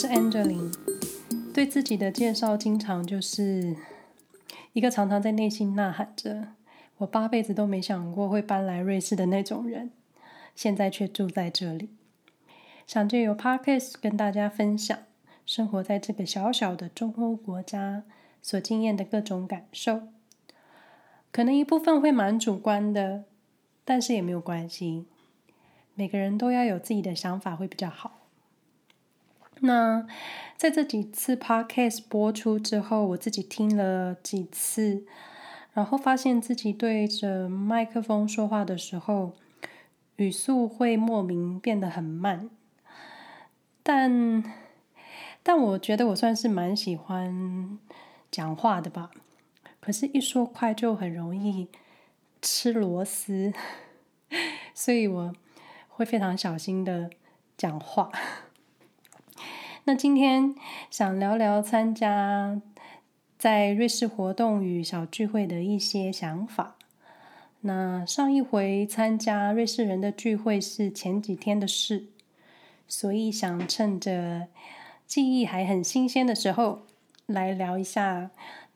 是 Angeline，對自己的介紹經常就是一個常常在內心吶喊着“我八輩子都沒想過會搬來瑞士的那種人”，現在卻住在這裡，想借由 Podcast 跟大家分享生活在這個小小的中歐國家所經驗的各種感受，可能一部分會蠻主觀的，但是也沒有關係，每個人都要有自己的想法會比較好。那在這幾次 podcast 播出之後，我自己聽了幾次，然後發現自己對着麥克風說話的時候，語速會莫名變得很慢。但但我覺得我算是蠻喜歡講話的吧，可是，一說快就很容易吃螺絲，所以我會非常小心地講話。那今天想聊聊參加在瑞士活動與小聚會的一些想法。那上一回參加瑞士人的聚會是前幾天的事，所以想趁着記憶還很新鮮的時候，來聊一下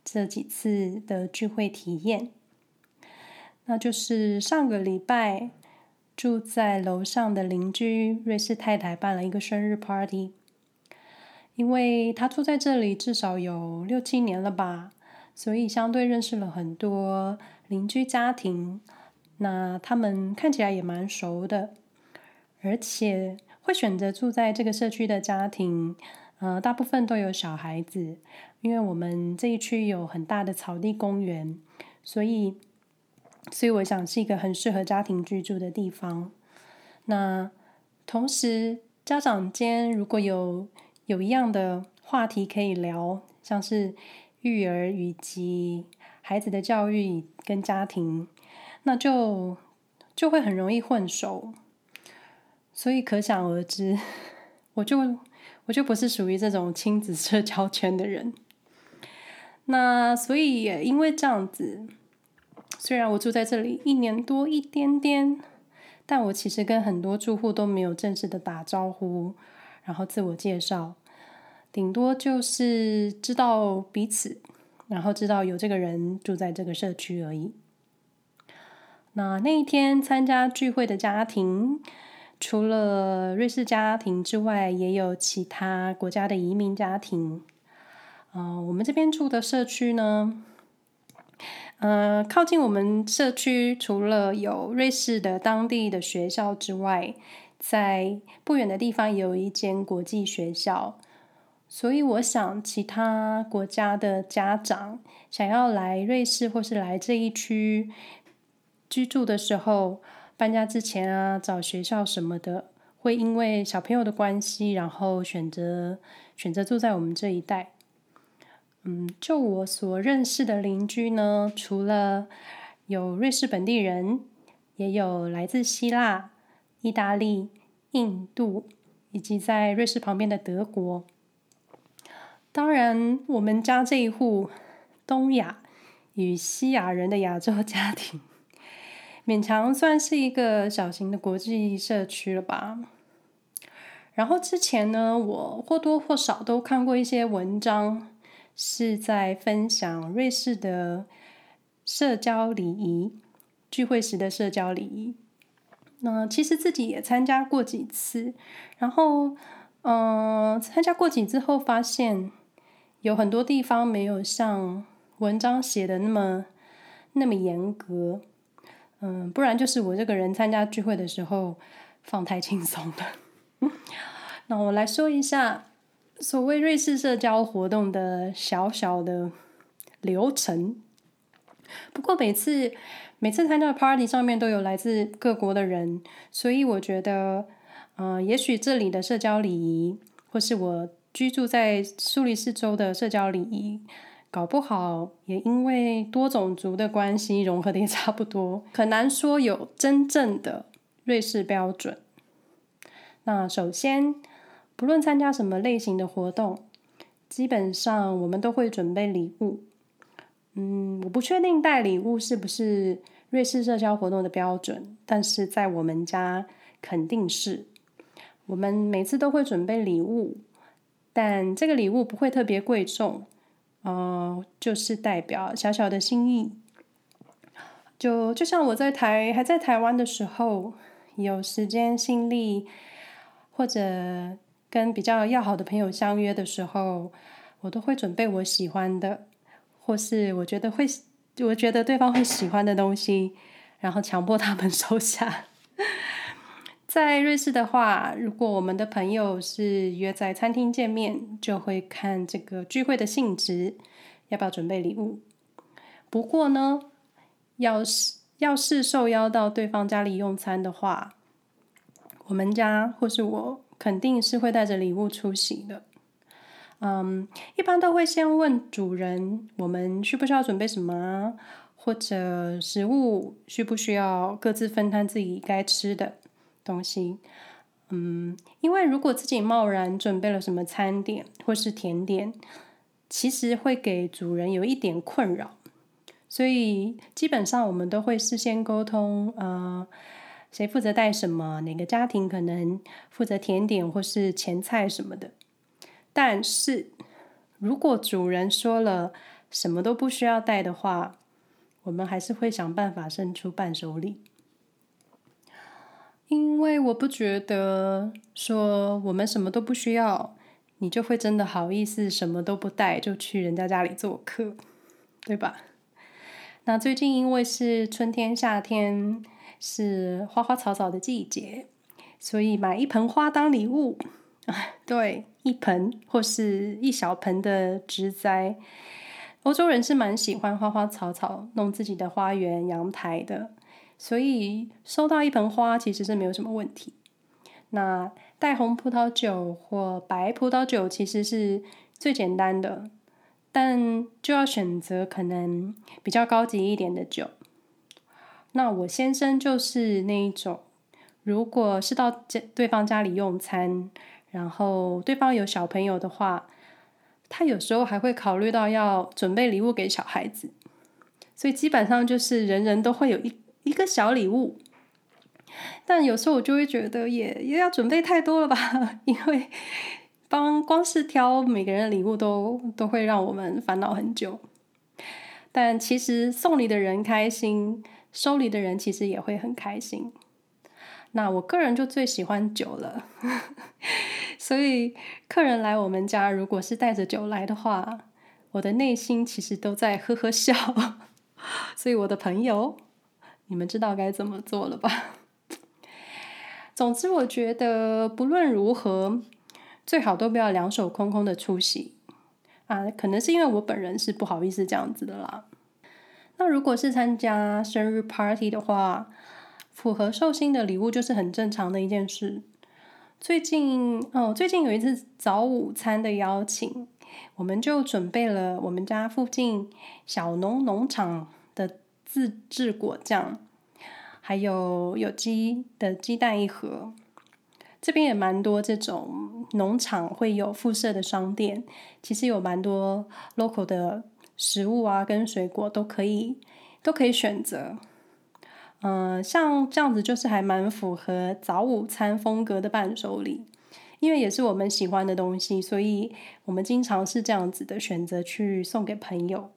這幾次的聚會體驗。那就是上個禮拜住在樓上的鄰居瑞士太太辦了一個生日 party。因為他住在這裡至少有六七年了吧，所以相對認識了很多鄰居家庭。那他們看起來也蠻熟的，而且會選擇住在這個社區的家庭，呃，大部分都有小孩子。因為我們這一區有很大的草地公園，所以，所以我想是一個很適合家庭居住的地方。那同時，家長間如果有有一樣的話題可以聊，像是育兒以及孩子的教育跟家庭，那就就會很容易混熟。所以可想而知，我就我就不是屬於這種親子社交圈的人。那所以也因為這樣子，雖然我住在這裡一年多一點點，但我其實跟很多住戶都沒有正式的打招呼。然後自我介紹，頂多就是知道彼此，然後知道有這個人住在這個社區而已。那那一天參加聚會的家庭，除了瑞士家庭之外，也有其他國家的移民家庭。啊、呃，我們這邊住的社區呢，呃，靠近我們社區，除了有瑞士的當地的學校之外，在不遠的地方有一間國際學校，所以我想其他國家的家長想要來瑞士或是來這一區居住的時候，搬家之前啊，找學校什麼的，會因為小朋友的關係，然後選擇選擇住在我們這一帶。嗯，就我所認識的鄰居呢，除了有瑞士本地人，也有來自希臘、意大利、印度以及在瑞士旁邊的德國，當然，我們家這一戶東亞與西亞人的亞洲家庭，勉強算是一個小型的國際社區了吧。然後之前呢，我或多或少都看過一些文章，是在分享瑞士的社交禮儀，聚會時的社交禮儀。那、呃、其實自己也參加過幾次，然後，嗯、呃，參加過幾次後發現，有很多地方沒有像文章寫的那麼那麼嚴格，嗯、呃，不然就是我這個人參加聚會的時候放太輕鬆了。那 我來說一下所謂瑞士社交活動的小小的流程，不過每次。每次參加的 party 上面都有來自各國的人，所以我覺得，呃，也許這裡的社交禮儀，或是我居住在蘇黎世州的社交禮儀，搞不好也因為多種族的關係融合得也差不多，很難說有真正的瑞士標準。那首先，不論參加什麼類型的活動，基本上我們都會準備禮物。嗯，我不確定帶禮物是不是。瑞士社交活動的標準，但是在我們家肯定是，我們每次都會準備禮物，但這個禮物不會特別貴重，嗯、呃，就是代表小小的心意。就就像我在台還在台灣的時候，有時間、心力或者跟比較要好的朋友相約的時候，我都會準備我喜歡的，或是我覺得會。我覺得對方會喜歡的東西，然後強迫他們收下。 在瑞士的話，如果我們的朋友是約在餐廳見面，就會看這個聚會的性質，要不要準備禮物。不過呢，要是要是受邀到對方家裡用餐的話，我們家或是我肯定是會帶着禮物出席的。嗯，um, 一般都會先問主人，我們需不需要準備什麼啊，或者食物需不需要各自分攤自己該吃的東西。嗯，um, 因為如果自己貿然準備了什麼餐點或是甜點，其實會給主人有一點困擾，所以基本上我們都會事先溝通，呃，誰負責帶什麼，哪個家庭可能負責甜點或是前菜什麼的。但是，如果主人說了什麼都不需要帶的話，我們還是會想辦法伸出伴手禮，因為我不覺得說我們什麼都不需要，你就會真的好意思什麼都不帶就去人家家裡做客，對吧？那最近因為是春天、夏天是花花草草的季節，所以買一盆花當禮物， 對。一盆或是一小盆的植栽，歐洲人是蠻喜歡花花草草弄自己的花園、陽台的，所以收到一盆花其實是沒有什麼問題。那帶紅葡萄酒或白葡萄酒其實是最簡單的，但就要選擇可能比較高級一點的酒。那我先生就是那一種，如果是到對方家裡用餐，然後對方有小朋友的話，他有時候還會考慮到要準備禮物給小孩子，所以基本上就是人人都會有一一個小禮物。但有時候我就會覺得也也要準備太多了吧，因為幫光是挑每個人的禮物都都會讓我們煩惱很久。但其實送禮的人開心，收禮的人其實也會很開心。那我個人就最喜歡酒了。 所以客人來我們家，如果是帶着酒來的話，我的內心其實都在呵呵笑。所以我的朋友，你們知道該怎麼做了吧？總之，我覺得不論如何，最好都不要兩手空空的出席啊。可能是因為我本人是不好意思這樣子的啦。那如果是參加生日 party 的話，符合壽星的禮物就是很正常的一件事。最近哦，最近有一次早午餐的邀請，我們就準備了我們家附近小農農場的自制果醬，還有有機的雞蛋一盒。這邊也蠻多這種農場會有附設的商店，其實有蠻多 local 的食物啊跟水果都可以，都可以選擇。嗯、呃，像這樣子就是還蠻符合早午餐風格的伴手禮，因為也是我們喜歡的東西，所以我們經常是這樣子的選擇去送給朋友。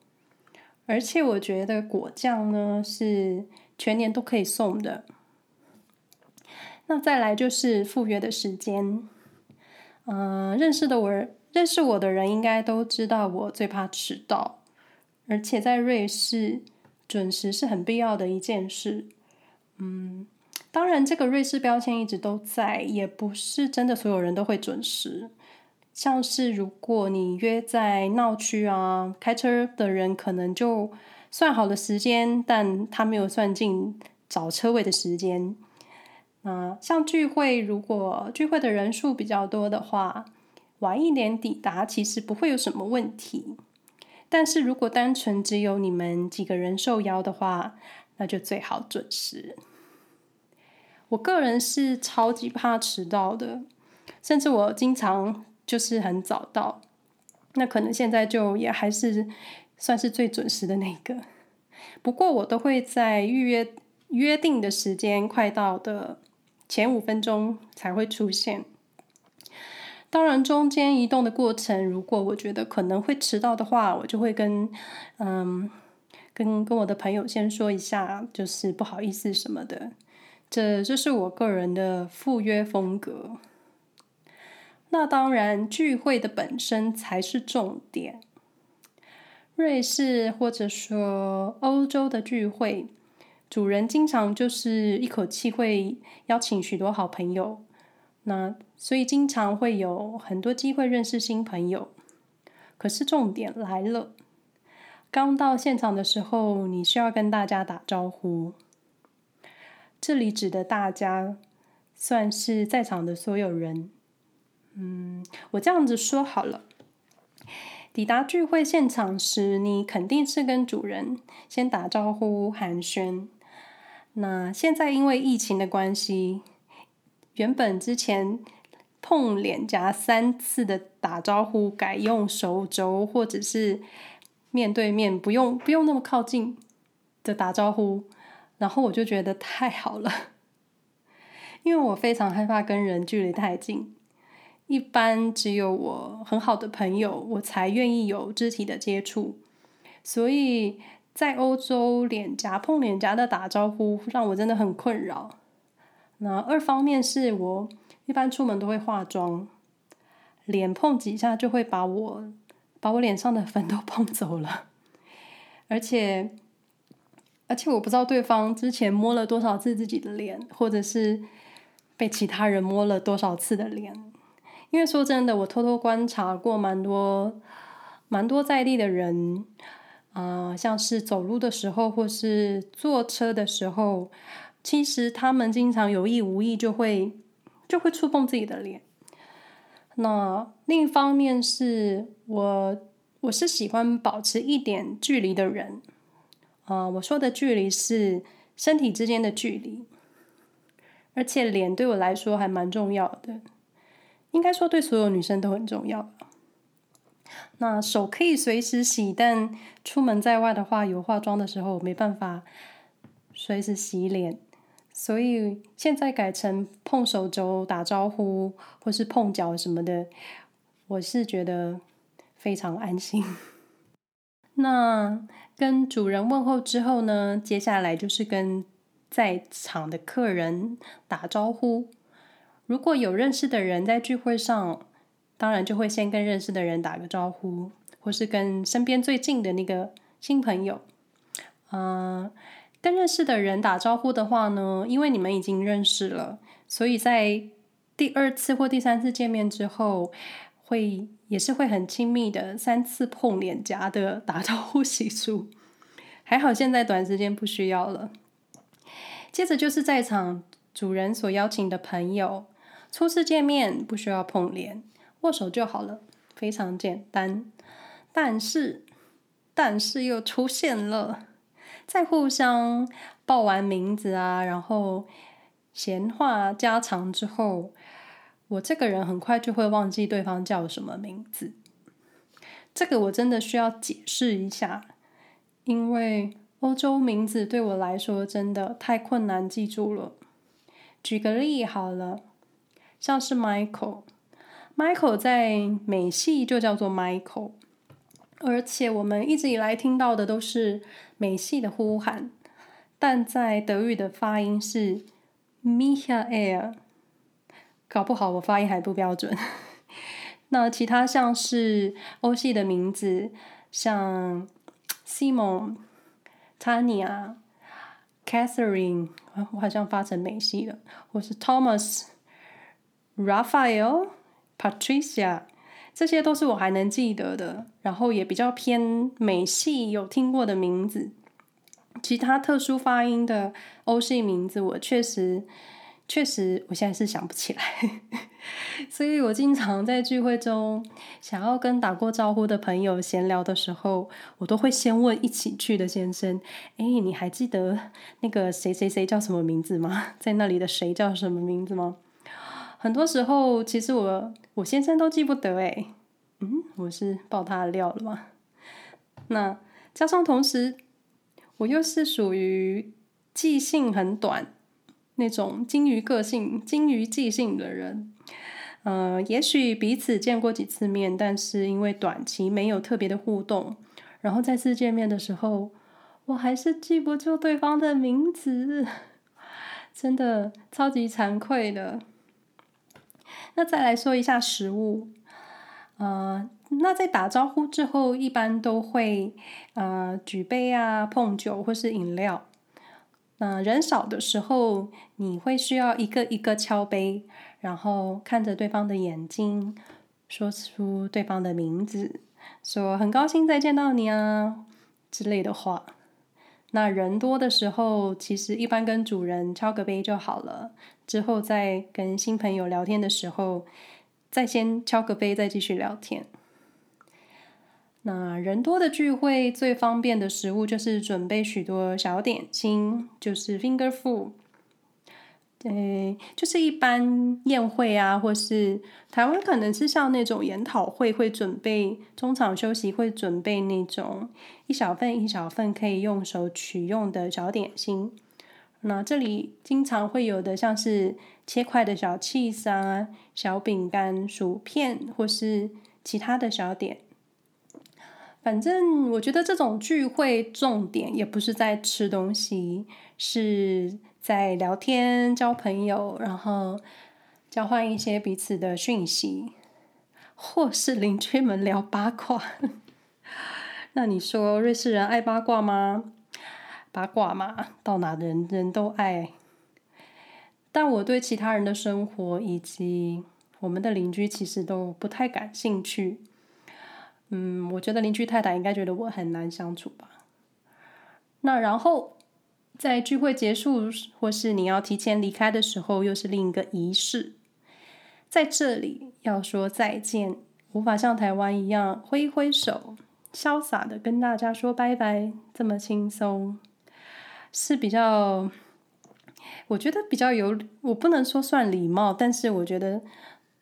而且我覺得果醬呢是全年都可以送的。那再來就是赴約的時間。嗯、呃，認識的我認識我的人應該都知道我最怕遲到，而且在瑞士準時是很必要的一件事。嗯，當然，這個瑞士標籤一直都在，也不是真的所有人都會準時。像是如果你約在鬧區啊，開車的人可能就算好了時間，但他沒有算進找車位的時間。那、呃、像聚會，如果聚會的人數比較多的話，晚一點抵達其實不會有什麼問題。但是如果單純只有你們幾個人受邀的話，那就最好準時。我個人是超級怕遲到的，甚至我經常就是很早到，那可能現在就也還是算是最準時的那個。不過我都會在預約約定的時間快到的前五分鐘才會出現。當然，中間移動的過程，如果我覺得可能會遲到的話，我就會跟嗯。跟跟我的朋友先說一下，就是不好意思什麼的，這就是我個人的赴約風格。那當然，聚會的本身才是重點。瑞士或者說歐洲的聚會，主人經常就是一口氣會邀請許多好朋友，那所以經常會有很多機會認識新朋友。可是重點來了。剛到現場的時候，你需要跟大家打招呼。這裡指的大家，算是在場的所有人。嗯，我這樣子說好了。抵達聚會現場時，你肯定是跟主人先打招呼寒暄。那現在因為疫情的關係，原本之前碰臉頰三次的打招呼，改用手肘或者是。面對面不用不用那麼靠近的打招呼，然後我就覺得太好了，因為我非常害怕跟人距離太近，一般只有我很好的朋友我才願意有肢體的接觸，所以在歐洲臉頰碰臉頰的打招呼讓我真的很困擾。那二方面是我一般出門都會化妝，臉碰幾下就會把我。把我臉上的粉都碰走了，而且，而且我不知道對方之前摸了多少次自己的臉，或者是被其他人摸了多少次的臉。因為說真的，我偷偷觀察過蠻多、蠻多在地的人，啊、呃，像是走路的時候，或是坐車的時候，其實他們經常有意無意就會就會觸碰自己的臉。那另一方面是我，我是喜歡保持一點距離的人，啊、呃，我說的距離是身體之間的距離，而且臉對我來說還蠻重要的，應該說對所有女生都很重要。那手可以隨時洗，但出門在外的話，有化妝的時候沒辦法隨時洗臉。所以現在改成碰手肘打招呼，或是碰腳什麼的，我是覺得非常安心。 那跟主人問候之後呢，接下來就是跟在場的客人打招呼。如果有認識的人在聚會上，當然就會先跟認識的人打個招呼，或是跟身邊最近的那個新朋友，嗯、呃。跟認識的人打招呼的話呢，因為你們已經認識了，所以在第二次或第三次見面之後，會，也是會很親密的三次碰臉頰的打招呼習俗。還好現在短時間不需要了。接着就是在場主人所邀請的朋友，初次見面不需要碰臉，握手就好了，非常簡單。但是，但是又出現了。在互相報完名字啊，然後閒話家常之後，我這個人很快就會忘記對方叫什麼名字。這個我真的需要解釋一下，因為歐洲名字對我來說真的太困難記住了。舉個例好了，像是 Michael，Michael Michael 在美系就叫做 Michael。而且我們一直以來聽到的都是美系的呼喊，但在德語的發音是 Michael，搞不好我發音還不標準。 那其他像是歐系的名字，像 Simon、啊、Tania、Catherine，我好像發成美系了。或是 Thomas、Raphael、Patricia。這些都是我還能記得的，然後也比較偏美系有聽過的名字。其他特殊發音的歐系名字，我確實、確實，我現在是想不起來。 所以我經常在聚會中，想要跟打過招呼的朋友閒聊的時候，我都會先問一起去的先生：“哎，你還記得那個誰誰誰叫什麼名字嗎？在那裡的誰叫什麼名字嗎？”很多時候，其實我我先生都記不得誒，嗯，我是爆他的料了嗎？那加上同時，我又是屬於記性很短那種金魚個性、金魚記性的人，呃，也許彼此見過幾次面，但是因為短期沒有特別的互動，然後再次見面的時候，我還是記不住對方的名字， 真的超級慚愧的。那再來說一下食物，呃，那在打招呼之後，一般都會呃舉杯啊碰酒或是飲料。那人少的時候，你會需要一個一個敲杯，然後看着對方的眼睛，說出對方的名字，說很高興再見到你啊之類的話。那人多的時候，其實一般跟主人敲個杯就好了。之後再跟新朋友聊天的時候，再先敲個杯，再繼續聊天。那人多的聚會最方便的食物就是準備許多小點心，就是 finger food。誒，就是一般宴會啊，或是台灣可能是像那種研討會會準備中場休息會準備那種一小份一小份可以用手取用的小點心。那這裡經常會有的，像是切塊的小 cheese 啊、小餅乾、薯片，或是其他的小點。反正我覺得這種聚會重點也不是在吃東西，是在聊天、交朋友，然後交換一些彼此的訊息，或是鄰居們聊八卦。 那你說瑞士人愛八卦嗎？八卦嘛，到哪人人都愛。但我對其他人的生活以及我們的鄰居其實都不太感興趣。嗯，我覺得鄰居太太應該覺得我很難相處吧。那然後，在聚會結束或是你要提前離開的時候，又是另一個儀式，在這裡要說再見，無法像台灣一樣揮揮手，瀟灑的跟大家說拜拜，這麼輕鬆。是比較，我覺得比較有，我不能說算禮貌，但是我覺得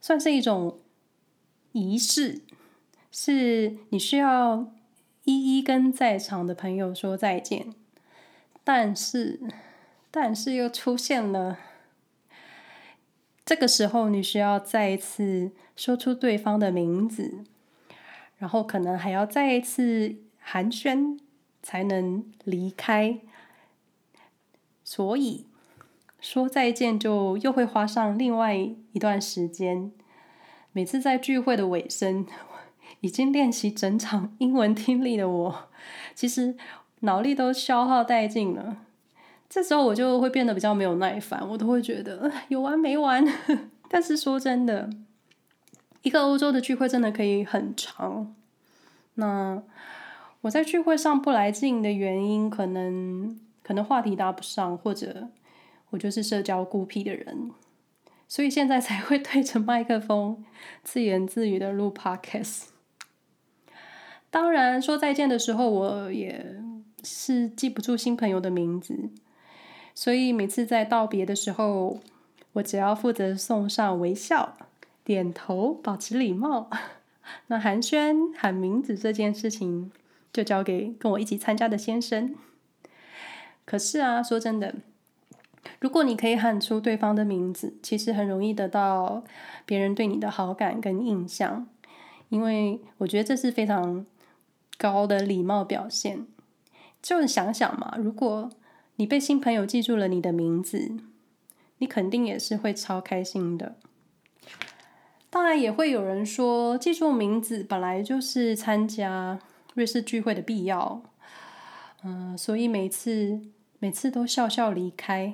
算是一種儀式，是你需要一一跟在場的朋友說再見，但是但是又出現了，這個時候你需要再一次說出對方的名字，然後可能還要再一次寒暄才能離開。所以說再見就又會花上另外一段時間。每次在聚會的尾聲，已經練習整場英文聽力的我，其實腦力都消耗殆盡了。這時候我就會變得比較沒有耐煩，我都會覺得有完沒完。但是說真的，一個歐洲的聚會真的可以很長。那我在聚會上不來勁的原因，可能。可能話題搭不上，或者我就是社交孤僻的人，所以現在才會對着麥克風自言自語的錄 Podcast。當然，說再見的時候，我也是記不住新朋友的名字，所以每次在道別的時候，我只要負責送上微笑、點頭，保持禮貌。那寒暄喊名字這件事情，就交給跟我一起參加的先生。可是啊，說真的，如果你可以喊出對方的名字，其實很容易得到別人對你的好感跟印象，因為我覺得這是非常高的禮貌表現。就想想嘛，如果你被新朋友記住了你的名字，你肯定也是會超開心的。當然，也會有人說，記住名字本來就是參加瑞士聚會的必要。嗯、呃，所以每次。每次都笑笑離開，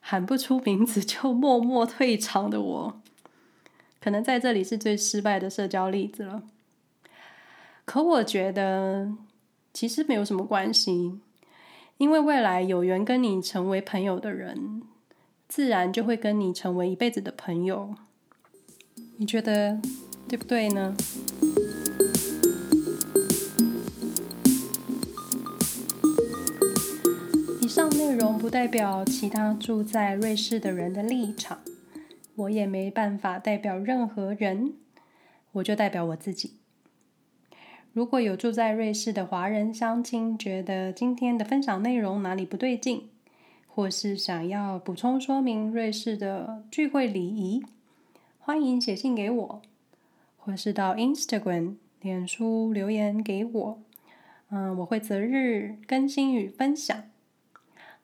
喊不出名字就默默退場的我，可能在這裡是最失敗的社交例子了。可我覺得其實沒有什麼關係，因為未來有緣跟你成為朋友的人，自然就會跟你成為一輩子的朋友。你覺得對不對呢？容不代表其他住在瑞士的人的立場，我也沒辦法代表任何人，我就代表我自己。如果有住在瑞士的華人鄉親覺得今天的分享內容哪裡不對勁，或是想要補充說明瑞士的聚會禮儀，歡迎寫信給我，或是到 Instagram 臉書留言給我，嗯，我會擇日更新與分享。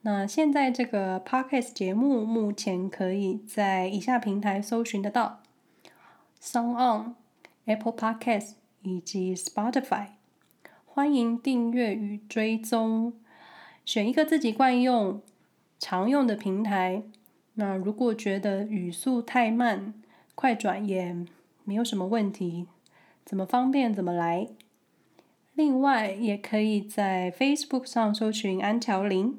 那現在這個 Podcast 節目目前可以在以下平台搜尋得到：SoundOn、Apple Podcasts 以及 Spotify。歡迎訂閱與追蹤，選一個自己慣用、常用的平台。那如果覺得語速太慢，快轉也沒有什麼問題，怎麼方便怎麼來。另外，也可以在 Facebook 上搜尋安橋林。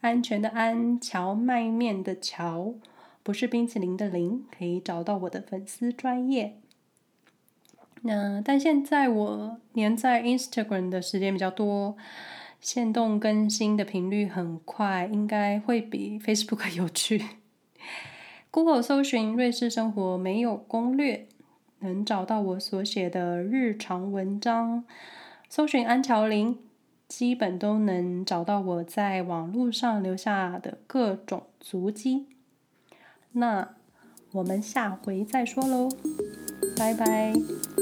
安全的安，蕎麥麵的蕎，不是冰淇淋的淋，可以找到我的粉絲專頁。那但現在我黏在 Instagram 的時間比較多，限動更新的頻率很快，應該會比 Facebook 有趣。Google 搜尋瑞士生活沒有攻略，能找到我所寫的日常文章。搜尋安喬林。基本都能找到我在網絡上留下的各種足跡，那我們下回再說嘍，拜拜。